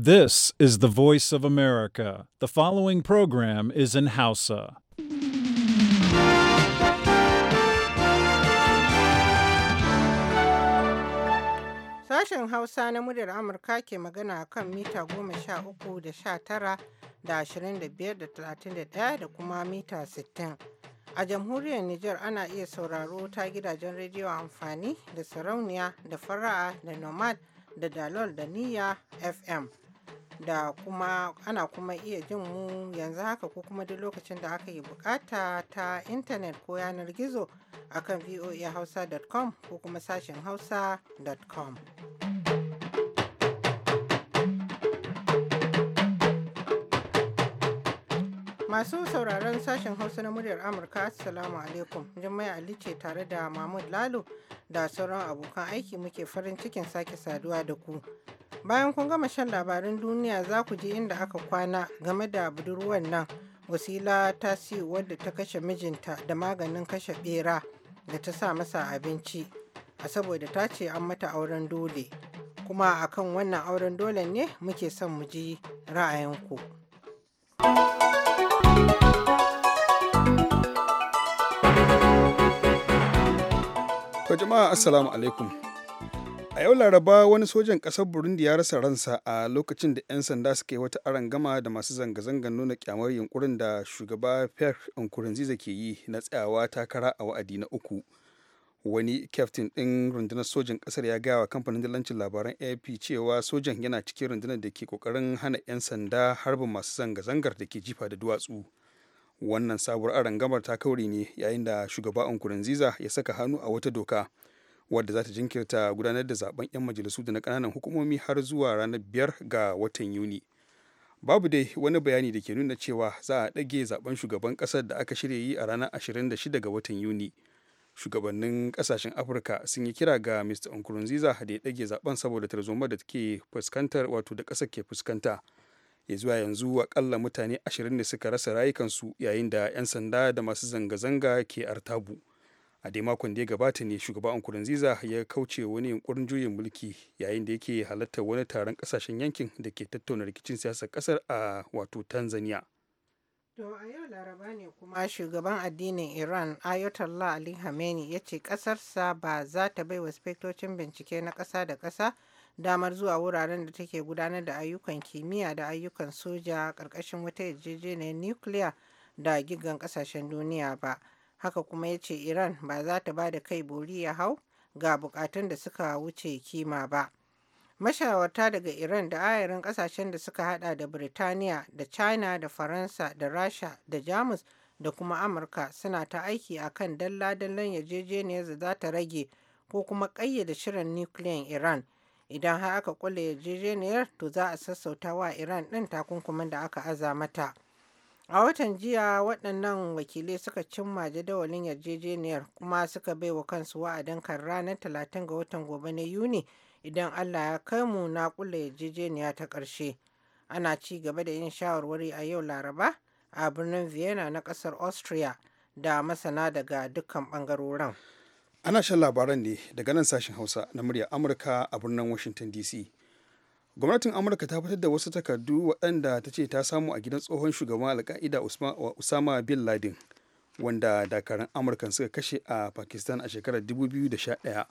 This is the voice of America. The following program is in Hausa. Sashen Hausa na muryar Amurka ke magana a kan mita goma sha uku da sha tara da ashirin da biyar da talatin da ɗaya da kuma mita sittin. A jamhuriyar Nijar ana iya sauraro ta gidajen rediyo amfani da sarauniya da fara'a da nomad da dalol da niya FM. da kuma ana kuma iya jin mu yanzu haka ko kuma duk lokacin da aka yi bukata ta intanet ko yanar gizo akan voahausa.com ko kuma sashen hausa.com. Masu sauraron sashen Hausa na muryar Amurka, Assalamu alaikum. Jummai Ali ce tare da Mahmud Lalo da sauran abokan aiki muke farin cikin sake saduwa da ku. Bayan kun gama shan labarin duniya za ku ji inda aka kwana game da budurwar nan wasila ta wadda ta kashe mijinta da maganin kashe bera da ta sa masa abinci a saboda ta ce an mata auren dole kuma a kan wannan auren dole ne muke son mu ji ra'ayinku. jama'a assalamu alaikum a yau laraba wani sojan ƙasar burundi ya rasa ransa a lokacin da 'yan sanda suka yi wata gama da masu zanga-zangar nuna kyamar yunkurin da shugaba pierre nkurunziza ke yi na tsayawa takara a wa'adi na uku wani kyaftin ɗin rundunar sojan ƙasar ya gaya wa kamfanin dalancin labaran ap cewa sojan yana cikin rundunar da ke ƙoƙarin hana 'yan sanda harbin masu zanga-zangar da ke jifa da duwatsu wannan sabuwar arangamar ta kauri ne yayin da shugaba nkurunziza ya saka hannu a wata doka wadda za ta jinkirta gudanar da zaben 'yan majalisu da na kananan hukumomi har zuwa ranar biyar ga watan yuni babu dai wani bayani da ke nuna cewa za a ɗage zaben shugaban ƙasar da aka shirya yi a ranar 26 ga watan yuni shugabannin ƙasashen afirka sun yi kira ga mr nkurunziza da ya ɗage zaben saboda tarzoma da ke fuskantar wato da ƙasar ke fuskanta ya zuwa yanzu akalla mutane 20 ne suka rasa rayukansu yayin da 'yan sanda da masu zanga-zanga ke artabu a dai makon da ya gabata ne shugaba nkurunziza ya kauce wani yunkurin juyin mulki yayin da yake halartar wani taron kasashen yankin da ke tattauna rikicin siyasar kasar a wato tanzania To a yau laraba ne kuma shugaban addinin Iran Ayatollah Ali Khamenei ya ce ƙasarsa ba za ta bai wa spektocin bincike na kasa da kasa damar zuwa wuraren da take gudanar da ayyukan kimiyya da ayyukan soja karkashin wata yarjejeniyar nukiliya da gigan kasashen duniya ba. haka kuma ya ce iran ba za ta ba da kai bori ya hau ga bukatun da suka wuce kima ba mashawarta daga iran da ayarin kasashen da suka hada da birtaniya da china da faransa da rasha da jamus da kuma amurka suna ta aiki a kan dalla-dallan yarjejeniyar da za ta rage ko kuma ƙayyade shirin nukiliyan iran idan har aka kulle yarjejeniyar to za a sassauta wa iran ɗin takunkumin da aka aza mata. A watan jiya waɗannan wakilai suka cimma jadawalin yarjejeniyar kuma suka bai wa kansu wa'adin kan ranar 30 ga watan gobe na Yuni idan Allah ya kai mu na kula yarjejeniya ta ƙarshe. Ana ci gaba da yin shawarwari a yau Laraba a birnin Vienna na ƙasar Austria da masana daga dukkan ɓangarorin. Ana shan labaran ne daga nan sashen Hausa na murya Amurka a birnin Washington DC. gwamnatin amurka ta fitar da wasu takardu waɗanda ta ce ta samu a gidan tsohon shugaban alka'ida usama bin ladin wanda dakaran amurka suka kashe a pakistan a shekarar 2011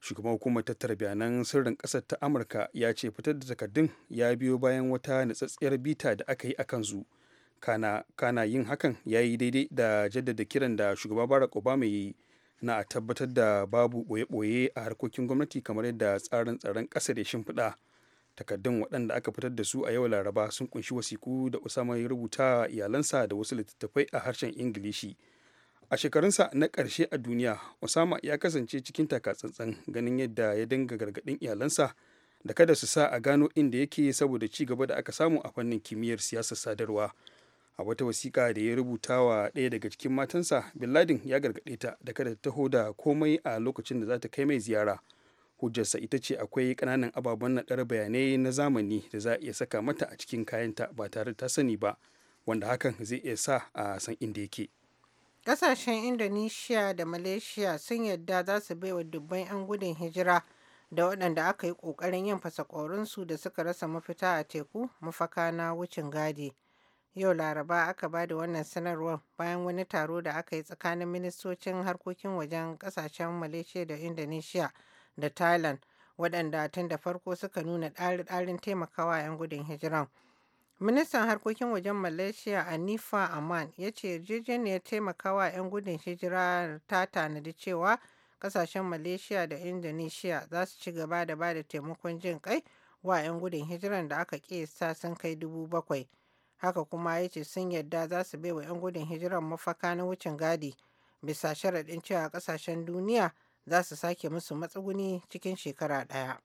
shugaban hukumar tattara bayanan sirrin ƙasar ta amurka ya ce fitar da takardun ya biyo bayan wata natsatsiyar bita da aka yi a kansu kana, yin hakan ya yi daidai da jaddada kiran da shugaba barack obama ya yi na tabbatar da babu boye-boye a harkokin gwamnati kamar yadda tsarin tsaron ƙasa da shimfiɗa takardun waɗanda aka fitar da su a yau laraba sun kunshi wasiku da usama ya rubuta iyalansa da wasu littattafai a harshen ingilishi a shekarunsa na ƙarshe a duniya usama ya kasance cikin takatsantsan ganin yadda ya dinga gargaɗin iyalansa da kada su sa a gano inda yake saboda ci gaba da aka samu a fannin kimiyyar siyasar sadarwa a wata wasiƙa da ya rubuta wa ɗaya daga cikin matansa bin ladin ya gargaɗe ta da kada ta taho da komai a lokacin da za ta kai mai ziyara hujjarsa ita ce akwai kananan ababen naɗar bayanai na zamani da za a iya saka mata a cikin kayanta ba tare ta sani ba wanda hakan zai iya sa a san inda yake ƙasashen indonesia da malaysia sun yadda za su baiwa dubban 'yan gudun hijira da waɗanda aka yi ƙoƙarin yin su da suka rasa mafita a teku mafaka na wucin gadi yau laraba aka ba da wannan sanarwar bayan wani taro da aka yi tsakanin ministocin harkokin wajen ƙasashen malaysia da indonesia da Thailand waɗanda tun da farko suka nuna ɗari-ɗarin taimakawa 'yan gudun hijiran. Ministan harkokin wajen Malaysia Anifa Aman ya ce yarjejeniyar taimakawa 'yan gudun hijira ta tanadi cewa kasashen Malaysia da Indonesia za su ci gaba da ba da taimakon jin kai wa 'yan gudun hijiran da aka kiyasta sun kai dubu bakwai. Haka kuma ya ce sun yarda za su bai wa 'yan gudun hijiran mafaka na wucin gadi bisa sharaɗin cewa ƙasashen duniya za su sake musu matsuguni cikin shekara ɗaya.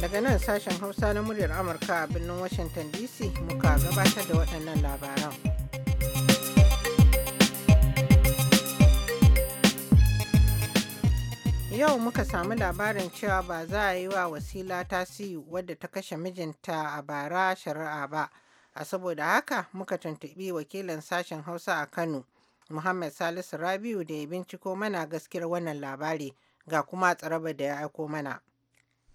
Daga nan sashen Hausa na muryar Amurka a birnin Washington DC muka gabatar da waɗannan labaran. Yau muka samu labarin cewa ba za a yi wa wasila tasi wadda ta kashe mijinta a bara shari'a ba. A saboda haka muka tuntuɓi wakilin sashen Hausa a Kano, Muhammad Salisu Rabiu da ya binciko mana gaskiyar wannan labari ga kuma tsaraba da ya aiko mana.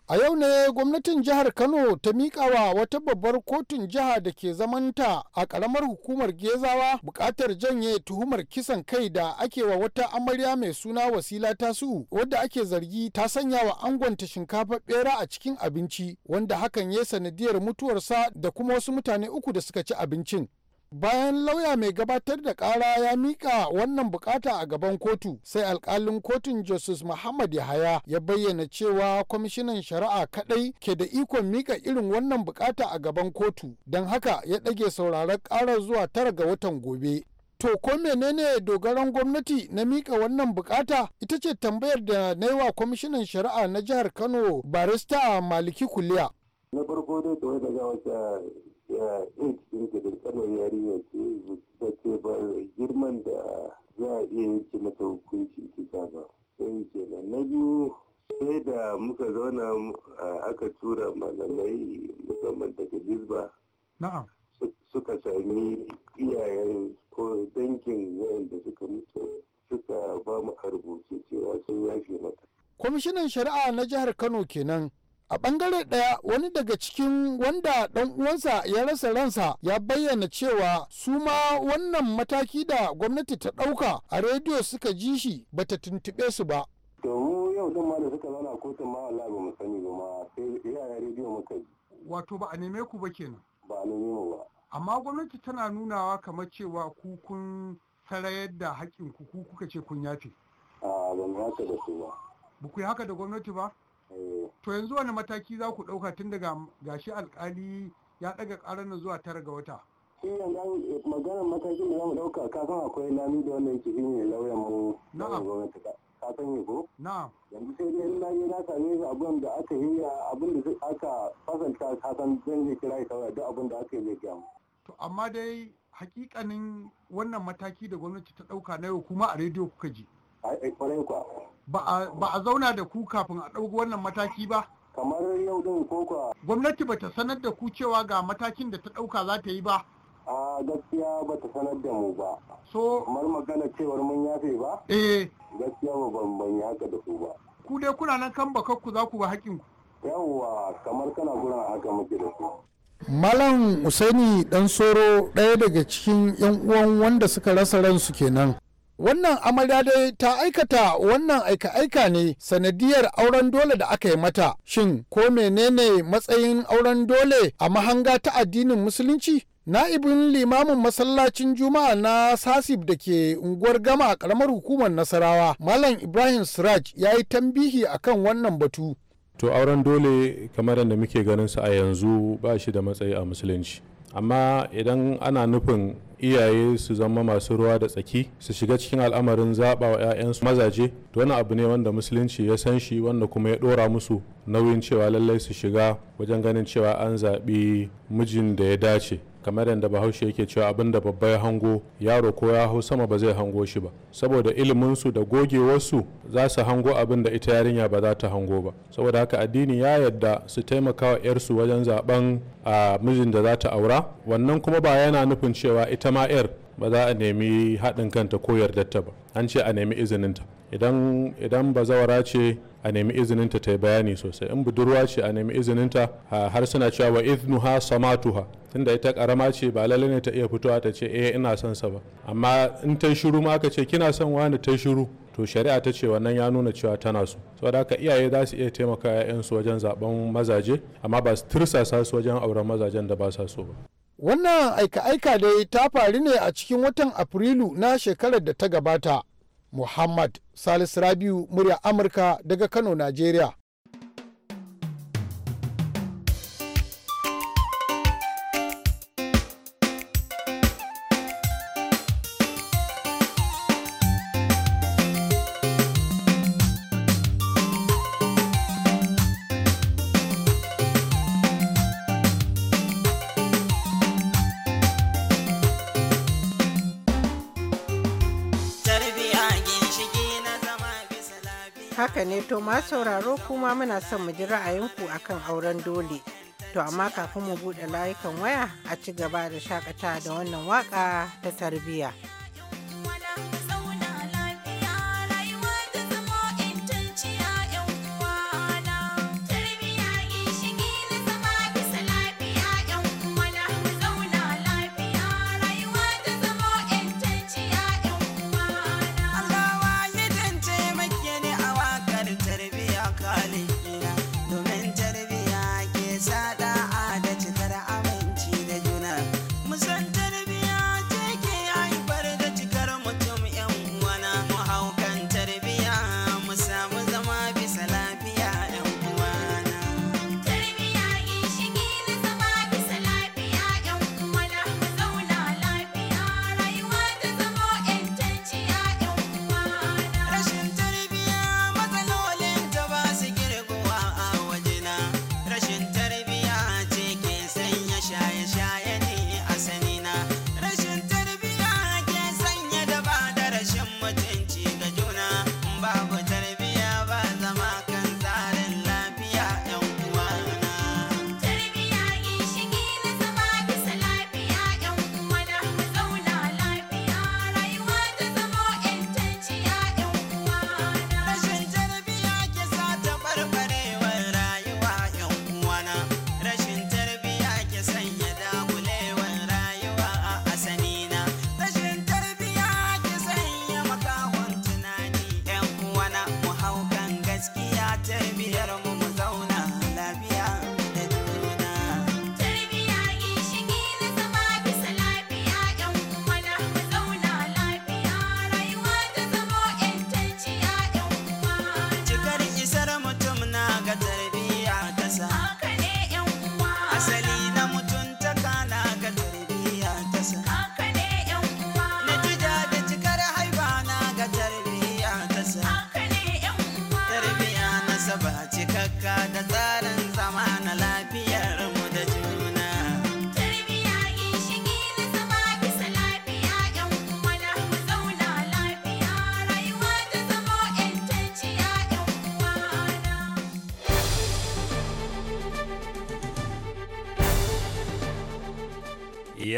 A yau ne gwamnatin jihar Kano ta miƙawa wata babbar kotun jiha da ke zamanta a ƙaramar hukumar Gezawa buƙatar janye tuhumar kisan kai da ake wa wata amarya mai suna wasila tasu wadda ake zargi ta sanya wa angonta shinkafa ɓera a cikin abinci wanda hakan ya sanadiyar mutuwarsa da kuma wasu mutane uku da suka ci abincin. bayan lauya mai gabatar da kara ya mika wannan bukata a gaban kotu sai alkalin kotun justice muhammad yahaya ya bayyana cewa kwamishinan shari'a kadai ke da ikon mika irin wannan bukata a gaban kotu don haka ya ɗage sauraron karar zuwa tara ga watan gobe To ko menene dogaran gwamnati na mika wannan bukata ita ce tambayar da na yi wa kwamishinan shari'a na jihar Kano barista Maliki Kuliya. Na farko dai wata aids din da kankanar yarinya ce da ke ba girman da za a iya yanke mata hukunci kisa ba sai kenan na biyu sai da muka zauna aka tura malamai musamman daga Lisba. Suka sami iyayen ko dangin wayanda suka mutu suka ba mu a rubuce cewa sun yafe mata. Kwamishinan Shari'a na Jihar Kano kenan a bangare daya wani daga cikin wanda dan uwansa ya rasa ransa ya bayyana cewa su ma wannan mataki da gwamnati ta dauka a rediyo suka ji shi ba ta tuntube su ba to mu yau din ma da suka zauna kotun ma wallahi ba mu sani ba ma sai iyayen rediyo muka ji wato ba a neme ku ba kenan ba a neme mu ba amma gwamnati tana nunawa kamar cewa ku kun sarayar da haƙƙin ku ku kuka ce kun yafe a ban haka da su ba ba ku yi haka da gwamnati ba to yanzu wani mataki za ku ɗauka tun daga gashi alkali ya ɗaga ƙarar nan zuwa tara ga wata shi yanzu eh, maganar matakin da za mu ɗauka kafin akwai lami da wannan kifi ne lauyan mu na gwamnati ka san yi ko na yanzu sai dai in naje na same shi abin da aka yi abin da aka fasanta ka san zan je kira ka da abin da aka yi zai mu. to amma dai hakikanin wannan mataki da gwamnati ta ɗauka na yau kuma a rediyo kuka ji kwarai kwa ba a zauna da ku kafin a ɗauki wannan mataki ba kamar yau din koko gwamnati bata sanar da ku cewa ga matakin da ta ɗauka za ta yi ba a gaskiya bata sanar da mu ba so kamar magana cewar mun yafe ba eh gaskiya ba ban ban haka da ku ba ku dai kuna nan kan bakakku za ku ba haƙinku yawwa kamar kana gurin haka muke da ku Malam Usaini Dan Soro ɗaya daga cikin 'yan uwan wanda suka rasa ransu kenan Wannan amarya dai ta aikata wannan aika-aika ne sanadiyar auren dole da aka yi mata. Shin ko menene matsayin auren dole a mahanga ta addinin musulunci? Na'ibin limamin masallacin Juma'a na Sasib da ke unguwar gama a karamar hukumar Nasarawa, Malam Ibrahim Siraj ya yi tambihi a kan wannan batu. To auren dole kamar da muke ganin su a yanzu ba shi da matsayi a musulunci. amma idan ana nufin iyaye su zama masu ruwa da tsaki su shiga cikin al'amarin zaɓa wa 'ya'yansu mazaje to wani abu ne wanda musulunci ya san shi wanda kuma ya ɗora musu nauyin cewa lallai su shiga wajen ganin cewa an zaɓi mijin da ya dace kamar yadda bahaushe yake cewa abin da babba ya hango yaro ko ya hau sama ba zai hango shi ba saboda iliminsu da gogewarsu za su hango abin da ita yarinya ba za ta hango ba saboda haka addini ya yadda su taimaka wa 'yarsu wajen zaben a mijin da za ta aura wannan kuma ba yana nufin cewa ita ma 'yar ba za a nemi haɗin kanta ko yardarta ba an ce a nemi izininta idan idan bazawara ce a nemi izininta ta yi bayani sosai in budurwa ce a nemi izininta har suna cewa wa iznuha samatuha tunda ita karama ce ba lalle ne ta iya fitowa ta ce eh ina son sa ba amma in ta shiru ma aka ce kina son wani ta shiru to shari'a ta ce wannan ya nuna cewa tana so saboda haka iyaye za su iya taimaka su wajen zaben mazaje amma ba su tirsasa su wajen auren mazajen da ba sa so ba wannan aika-aika dai ta faru ne a cikin watan afrilu na shekarar da ta gabata Muhammad Salisu Rabiu murya Amurka daga Kano, Najeriya. To ma sauraro kuma muna son mu ji ra'ayinku akan auren dole. To amma kafin mu buɗe layukan waya a ci gaba da shakata da wannan waka ta tarbiyya.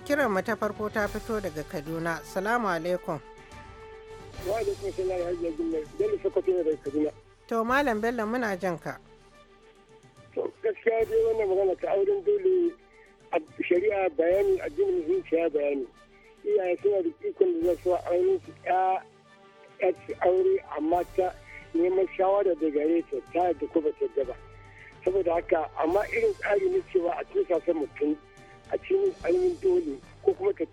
kiran mu ta farko ta fito daga Kaduna. Salamu alaikum. Wa alaikum salam hajji Jummai. Bello Sokoto ne da Kaduna. To Malam Bello muna jan ka. To gaskiya dai wannan magana ta auren dole a shari'a bayani addinin musulunci ya bayani. Iyaye suna da ikon da za su auren su ya aure amma ta neman shawara da gare ta ta da kuma ta gaba. Saboda haka amma irin tsari ne cewa a cikin sassan mutum a cikin ainihin dole ko kuma ta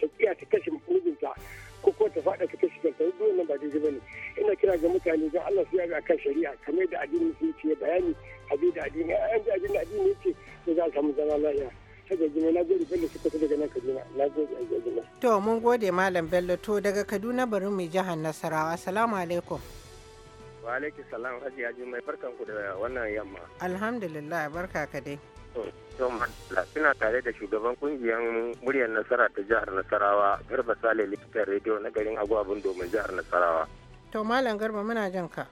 tafiya ta kashe mijinta ko kuma ta faɗa ta kashe kanta duk wannan ba daidai bane ina kira ga mutane don Allah su yaga akan shari'a kamar da addini su ce bayani abin da addini a ji addini addini ce to za a samu zama lafiya daga jima na gode bello suka daga nan kaduna na gode a jima. to mun gode malam bello to daga kaduna bari mu jihar nasarawa salamu alaikum. wa alaikum salam hajiya jimai barkan ku da wannan yamma. alhamdulillah barka ka dai. suna tare da shugaban kungiyar muryar nasara ta jihar nasarawa garba sale likitan rediyo na garin agwabin domin jihar nasarawa to malam garba muna jan ka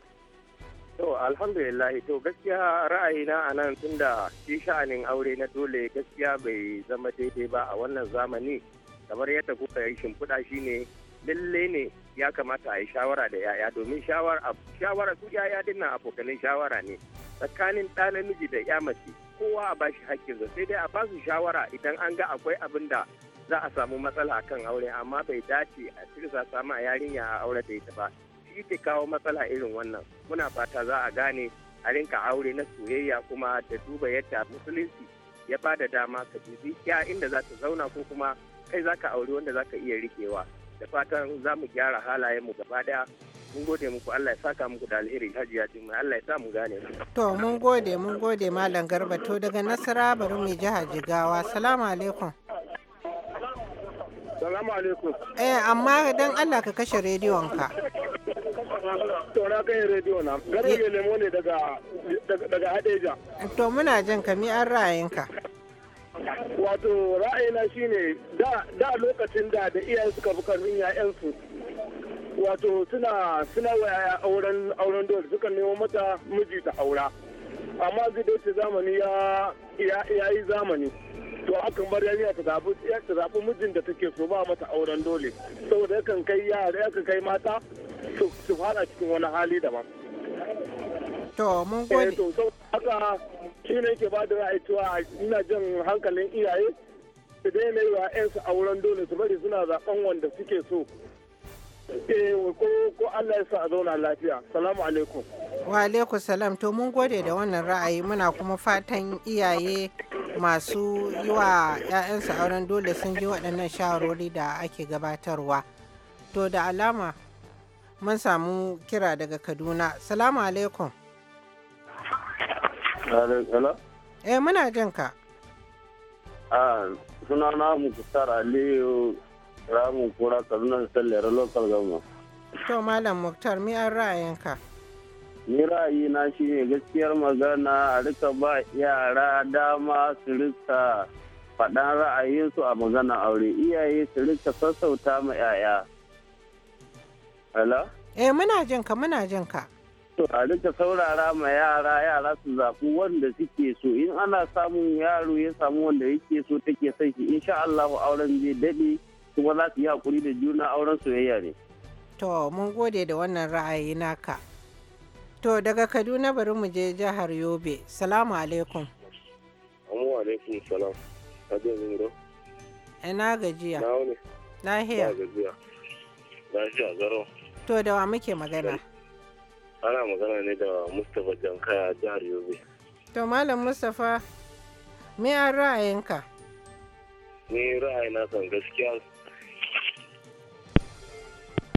to alhamdulillah to gaskiya ra'ayina a nan da shi sha'anin aure na dole gaskiya bai zama daidai ba a wannan zamani kamar yadda kuka yi shimfiɗa ne lalle ne ya kamata a yi shawara da yaya domin shawara su yaya dinnan abokanin shawara ne tsakanin ɗa namiji da ya mace kowa a bashi hakkinsa sai dai a basu shawara idan an ga akwai abin da za a samu matsala a kan aure amma bai dace a cirza samu a yarinya a aure da ita ba shi ke kawo matsala irin wannan muna fata za a gane a rinka aure na soyayya kuma da duba yadda musulunci ya ba da dama ka bibi ya inda za ta zauna ko kuma kai za ka auri wanda za ka iya rikewa da fatan za mu gyara halayenmu gaba daya mun gode muku Allah ya saka muku da alheri hajiya din Allah ya sa mu gane to mun gode mun gode malam garba to daga nasara bari mu jiha jigawa salamu alaikum salamu alaikum eh amma dan Allah ka kashe rediyon ka to na kai rediyo na garin lemo ne daga daga Hadeja to muna jin ka mi an ra'ayinka wato ra'ayina shine da da lokacin da da iyayen suka fi yin 'ya'yansu wato suna suna waya auren auren dole suka nemo mata miji ta aura amma zai dace zamani ya ya yi zamani to akan bar yarinya ta zabi ta zabi mijin da take so ba mata auren dole saboda yakan kai yara yakan kai mata su fara cikin wani hali daban to mun eh, gode to haka shine yake ba da ra'ayi cewa ina jin hankalin iyaye su daina yi wa 'yansu auren dole su bari suna zaben wanda suke so Eh, ko Allah ya sa a zauna lafiya. Salamu alaikum. Wa alaikum salam. To mun gode da wannan ra'ayi muna kuma fatan iyaye masu yi wa 'ya'yansu auren dole sun ji waɗannan shawarori da ake gabatarwa. To da alama mun samu kira daga Kaduna. Salamu alaikum. Eh muna jin ka. Ah, sunana Muktar Aliyu ramin kura kaduna da tallere local government to malam muktar mi an ra'ayinka ni ra'ayi na shi ne gaskiyar magana a rika ba yara dama su rika faɗan ra'ayinsu a magana aure iyaye su rika sassauta ma 'ya'ya hala? Eh muna jin muna jinka a rika saurara ma yara yara su zafi wanda suke so in ana samun yaro ya samu wanda yake so take son shi insha Allah auren zai daɗe kuma za su yi hakuri da juna auren soyayya ne to mun gode da wannan ra'ayi naka to daga kaduna bari mu je jihar yobe salamu alaikum amu alaikum salam adiyo zingiro ina eh, gajiya na wani lahiya gajiya lahiya garo to da wa muke magana ana magana ne da mustapha jankaya jihar yobe to malam mustapha me an ra'ayinka ni ra'ayina kan gaskiya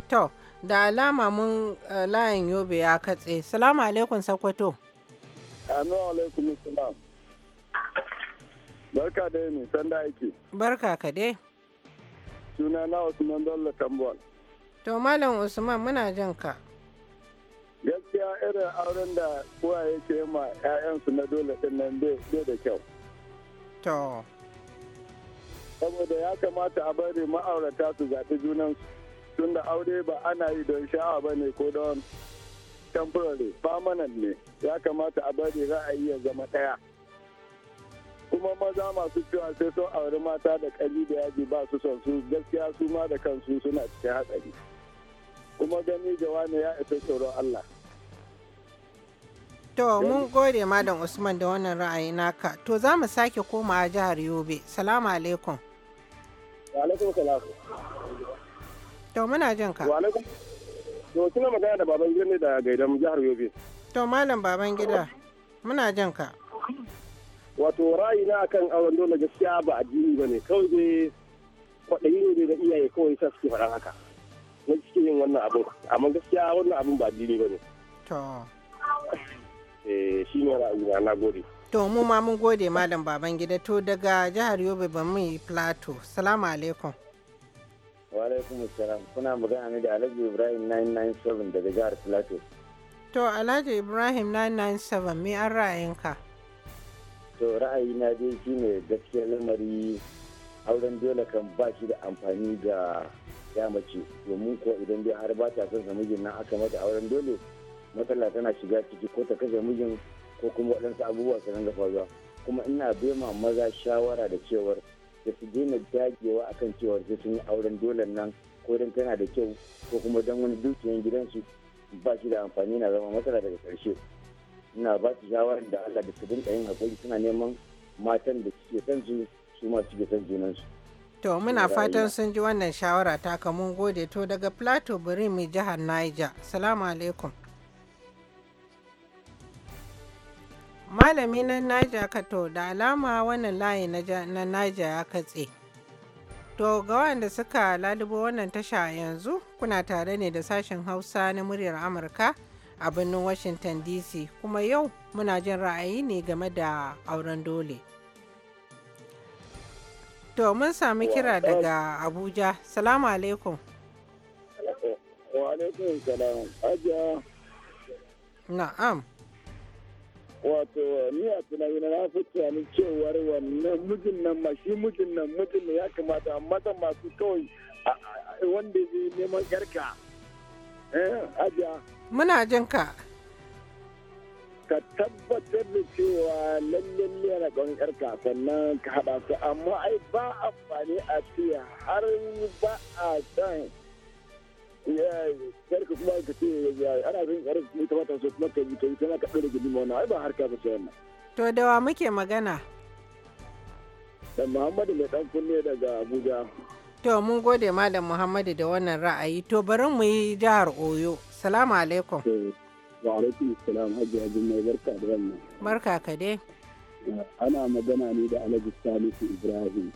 To, da alama mun eh, layin yobe ya katse. Salamu alaikum Sakwato. Amin alaikum salam. Barka da nisan sanda yake. Barka ka dai. Suna na Usman Bello Tambol. To, Malam Usman muna jin ka. Gaskiya irin auren da kowa yake ma 'ya'yansu na dole ɗin nan bai da kyau. To. Saboda ya kamata a bari ma'aurata su zaɓi junansu. tunda aure ba ana yi don sha'a ba ne ko don temporary permanent ne ya kamata a bari ra'ayi ya zama ɗaya kuma maza masu cewa sai sun auri mata da ƙari da yaji ba su son su gaskiya su ma da kansu suna cikin hatsari kuma gani da wani ya isa tsoron Allah. To mun gode Malam Usman da wannan ra'ayi naka. To za mu sake koma a jihar Yobe. Salamu alaikum. To muna jin ka. To kina magana da baban gida ne da gaidan jihar Yobe. To malam baban gida muna jin ka. Wato ra'ayi na kan auren dole gaskiya ba addini bane kawai dai kwaɗayi ne da iyaye kawai sa suke faɗa haka. Na cikin yin wannan abun amma gaskiya wannan abun ba addini bane. To. Eh shi ne ra'ayi na na gode. To mu ma mun gode malam baban gida to daga jihar Yobe ba mu yi plateau. Salamu alaikum. wa alaikum kuna magana ne da alhaji ibrahim 997 daga jihar plateau to alhaji ibrahim 997 me an ra'ayinka to ra'ayi na dai shine gaskiyar lamari auren dole kan ba shi da amfani ga ya mace domin ko idan dai har ba ta son sa mijin nan aka mata auren dole matsala tana shiga ciki ko ta kashe mijin ko kuma waɗansu abubuwa su da faruwa kuma ina bema maza shawara da cewar da su daina dagewa akan cewa sai sun yi auren dole nan ko don tana da kyau ko kuma don wani dukiyan gidansu ba shi da amfani na zama matsala daga ƙarshe ina ba su shawarar da Allah da su dinka yin hakuri suna neman matan da suke son su su ma suke son junansu. To muna fatan sun ji wannan shawara ta kamun gode to daga Plateau bari mai jihar Niger. Salamu alaikum. malami na Niger Kato da alama wannan layi na Niger ya katse. To ga wanda suka lalubo wannan tasha yanzu kuna tare ne da sashen Hausa na muryar Amurka a birnin Washington DC kuma yau muna jin ra'ayi ne game da auren dole. To mun sami kira daga Abuja. Salamu alaikum. Wa alaikum salam. Na'am. wato ni a tunani na na fi tunanin cewar wannan mijin nan ma shi mijin nan mijin ne ya kamata amma da masu kawai wanda zai neman yarka eh ajiya muna jin ka ka tabbatar da cewa lallen yana ƙaunin yarka sannan ka haɗa su amma ai ba amfani a ce har ba a san karka kuma ka ce ana bin karka kuma kamata so kuma ka yi ka yi kana ka ɗora gudun ai ba harka ba ce wannan. To da wa muke magana? Da Muhammadu mai dan kunne daga Abuja. To mun gode ma da Muhammadu da wannan ra'ayi to bari mu yi jihar Oyo. Salamu alaikum. Eh, wa alaikum salam Hajji Hajji mai barka da wannan. Barka ka dai. Eh, ana magana ne da Alhaji Salisu Ibrahim.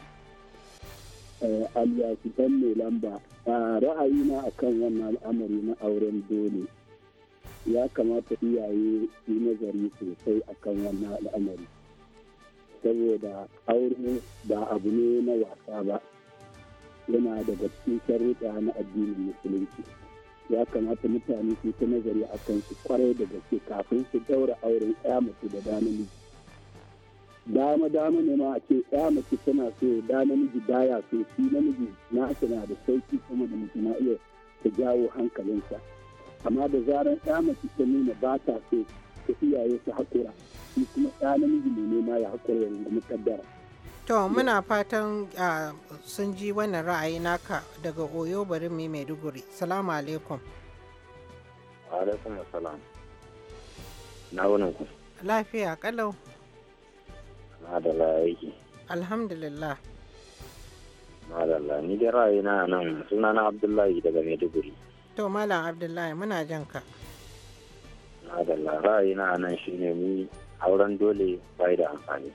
Eh, alias dan mai lamba ra'ayina akan wannan al'amari na auren dole ya kamata iyaye su nazari sosai akan wannan al'amari saboda aure ba abu ne na wasa ba yana daga cikin sharuɗa na addinin musulunci ya kamata mutane su ta nazari akan su kwarai da gaske kafin su daura auren ya mace da namiji dama dama ne ma a ce ya mace tana so da namiji baya so shi namiji na na da sauki kuma da mace iya ta jawo hankalinsa amma da zarar ya mace ta nuna ba ta so ta iyaye su haƙura shi kuma ya namiji ne nema ya haƙura ya rungumi kaddara. to muna fatan sun ji wannan ra'ayi naka daga oyo bari mai maiduguri salamu alaikum. alaikum salam na wunin ku. lafiya kalau. madalla yake alhamdulillah madalla ni dai ra'ayina nan suna na abdullahi daga maiduguri to malam abdullahi muna jan ka madalla ra'ayina nan shi ne ni auren dole bai da amfani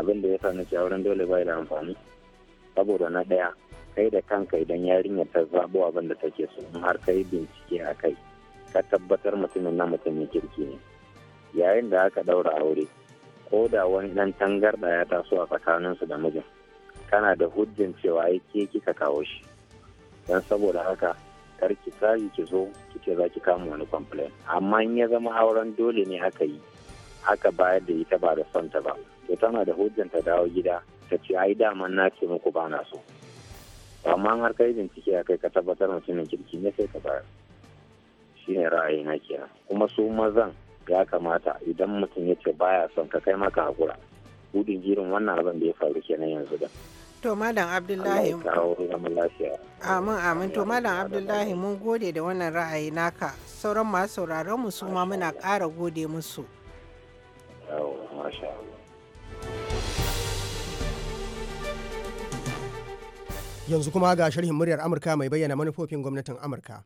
abin da ya sa nake auren dole bai da amfani saboda na ɗaya kai da kanka idan yarinyar ta zabo abin da take so in har kai bincike a kai ka tabbatar mutumin na mutumin kirki ne yayin da aka ɗaura aure ko da wani dan tangarda ya taso a tsakaninsu da mijin kana da hujjan cewa ai ke kika kawo shi don saboda haka kar ki tsari ki zo ki ce za ki kama wani complain amma in ya zama auren dole ne aka yi haka bayar da ita ba da son ta ba to tana da hujjan ta dawo gida ta ce ai daman na ce muku ba na so amma har kai bincike a kai ka tabbatar mutumin kirki ne sai ka bayar shi ne ra'ayi na kenan kuma su mazan ya kamata idan mutum ya ce baya son ka kai maka hakura gudun jirin wannan abin da ya faru kenan yanzu da to abdullahi amin amin to Madan abdullahi mun gode da wannan ra'ayi naka sauran masu sauraron mu ma muna ƙara gode musu yanzu kuma ga sharhin muryar amurka mai bayyana manufofin gwamnatin amurka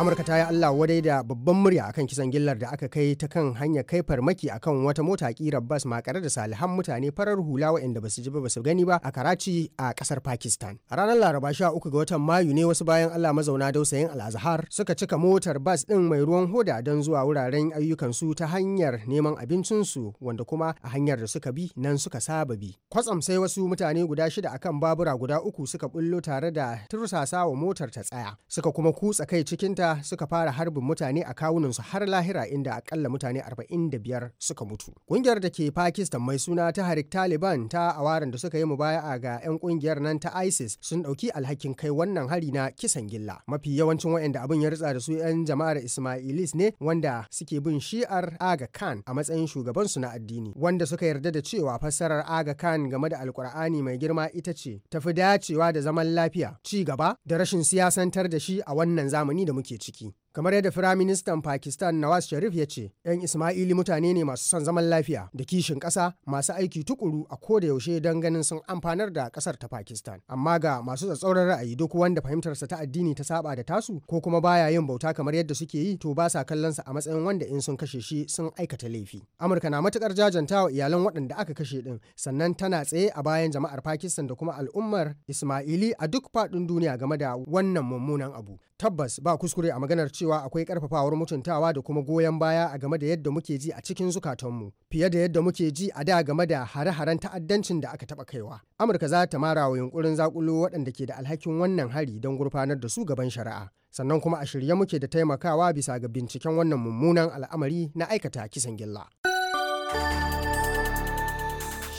amurka ta yi allah wadai da babban murya akan kisan gillar da aka kai ta kan hanyar kai farmaki akan wata mota kirar bas makare da salihan mutane farar hula waɗanda ba su ji ba su gani ba a karachi a kasar pakistan a ranar laraba sha uku ga watan mayu ne wasu bayan allah mazauna dausayin al azhar suka cika motar bas ɗin mai ruwan hoda don zuwa wuraren ayyukan su ta hanyar neman abincinsu wanda kuma a hanyar da suka bi nan suka saba bi kwatsam sai wasu mutane guda shida akan babura guda uku suka bullo tare da tursasa wa motar ta tsaya suka kuma kutsa kai cikinta bindiga suka fara harbin mutane a kawunansu har lahira inda akalla mutane 45 suka mutu. Kungiyar da ke Pakistan mai suna ta Harik Taliban ta awaran da suka yi mubaya'a ga 'yan kungiyar nan ta ISIS sun ɗauki alhakin kai wannan hari na kisan gilla. Mafi yawancin waɗanda abin ya ritsa da su 'yan jama'ar Ismailis ne wanda suke bin shi'ar Aga Khan a matsayin shugabansu na addini wanda suka yarda da cewa fassarar Aga Khan game da Alkur'ani mai girma ita ce tafi dacewa da zaman lafiya, ci gaba da rashin siyasantar da shi a wannan zamani da muke ciki. kamar yadda firaministan pakistan nawaz sharif ya ce 'yan ismaili mutane ne masu son zaman lafiya da kishin kasa masu aiki tukuru a ko da yaushe don ganin sun amfanar da kasar ta pakistan amma ga masu tsatsauran ra'ayi duk wanda fahimtarsa ta addini ta saba da tasu ko kuma baya yin bauta kamar yadda suke yi to ba sa kallon sa a matsayin wanda in sun kashe shi sun aikata laifi amurka na matukar jajantawa iyalan waɗanda aka kashe din sannan tana tsaye a bayan jama'ar pakistan da kuma al'ummar ismaili a duk faɗin duniya game da wannan mummunan abu tabbas ba kuskure a maganar cewa cewa akwai karfafawar mutuntawa da kuma goyon baya a game da yadda muke ji a cikin zukatanmu fiye da yadda muke ji a da game da hare-haren ta'addancin da aka taba kaiwa amurka za ta mara wa yunkurin zakulo waɗanda ke da alhakin wannan hari don gurfanar da su gaban shari'a sannan kuma a shirye muke da taimakawa bisa ga binciken wannan mummunan al'amari na aikata kisan gilla.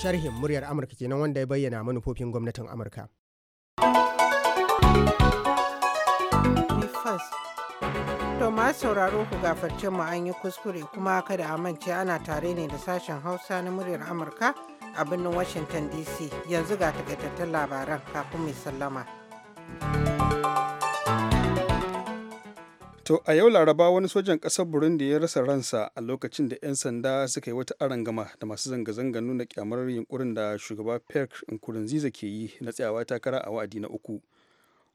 sharhin muryar amurka kenan wanda ya bayyana manufofin gwamnatin amurka. To sauraro ku gafarce mu an yi kuskure kuma kada a mance ana tare ne da sashen Hausa na muryar Amurka a birnin Washington DC yanzu ga takaitattun labaran kafin mai sallama. To a yau laraba wani sojan ƙasar Burundi ya rasa ransa a lokacin da 'yan sanda suka yi wata arangama da masu zanga-zanga nuna kyamar yunkurin da shugaba Pierre Nkurunziza ke yi na tsayawa takara a wa'adi na uku.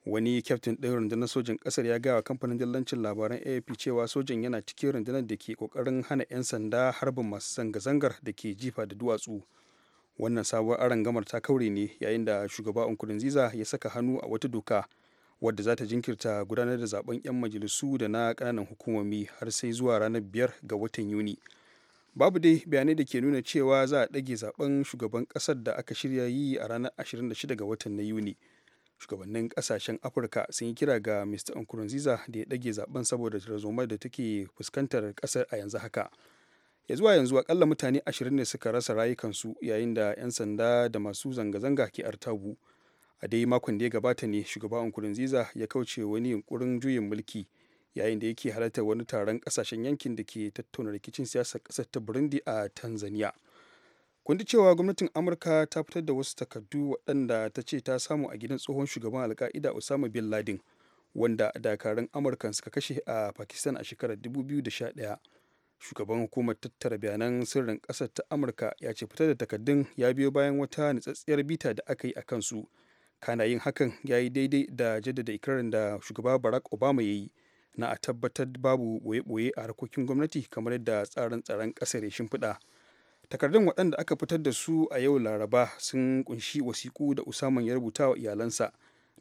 wani kyaftin ɗin rundunar sojin ƙasar ya gawa kamfanin dillancin labaran afp cewa sojan yana cikin rundunar da ke ƙoƙarin hana 'yan sanda harbin masu zanga-zangar da ke jifa da duwatsu wannan sabuwar aron gamar ta kaure ne yayin da shugaba nkurunziza ya saka hannu a wata doka wadda za ta jinkirta gudanar da zaben 'yan majalisu da na ƙananan hukumomi har sai zuwa ranar biyar ga watan yuni babu dai bayanai da ke nuna cewa za a ɗage zaben shugaban ƙasar da aka shirya yi a ranar 26 ga watan na yuni. shugabannin kasashen afirka sun yi kira ga mr nkurunziza da ya dage zaben saboda tarzoma da take fuskantar kasar a yanzu haka ya zuwa yanzu akalla mutane ashirin ne suka rasa rayukansu yayin da 'yan sanda da masu zanga-zanga ke artabu a dai makon da ya gabata ne shugaban nkurunziza ya kauce wani yunkurin juyin mulki yayin da yake halartar wani taron kasashen yankin da ke tattauna rikicin siyasar ƙasar ta burundi a tanzania kun ji cewa gwamnatin amurka ta fitar da wasu takardu waɗanda ta ce ta samu a gidan tsohon shugaban alka'ida osama bin ladin wanda dakarun amurka suka kashe a pakistan a shekarar 2011 shugaban hukumar tattara bayanan sirrin ƙasar ta amurka ya ce fitar da takardun ya biyo bayan wata nutsatsiyar bita da aka yi a kansu kana yin hakan ya yi daidai da jaddada ikirarin da shugaba barack obama ya yi na a tabbatar babu boye-boye a harkokin gwamnati kamar yadda tsarin tsaron ƙasar ya shimfiɗa takardun waɗanda aka fitar da su a yau laraba sun kunshi wasiku da usaman ya rubuta wa iyalansa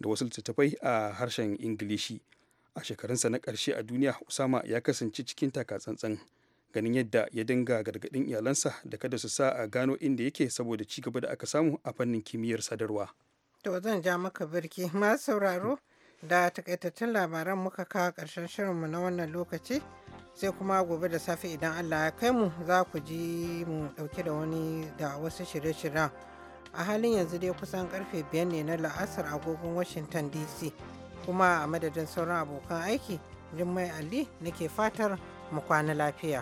da wasu littattafai a harshen ingilishi a shekarunsa na ƙarshe a duniya usama ya kasance cikin takatsantsan ganin yadda ya dinga gargaɗin iyalansa da kada su sa a gano inda yake saboda ci gaba da aka samu a fannin kimiyyar sadarwa to zan ja maka birki masu sauraro da takaitattun labaran muka kawo ƙarshen shirinmu na wannan lokaci sai kuma gobe da safe idan allah ya kai mu za ku ji mu dauke da wani da wasu shirye-shiryen a halin yanzu dai kusan karfe biyar ne na la'asar agogon washington dc kuma a madadin sauran abokan aiki jimmai ali nake fatar mu kwana lafiya.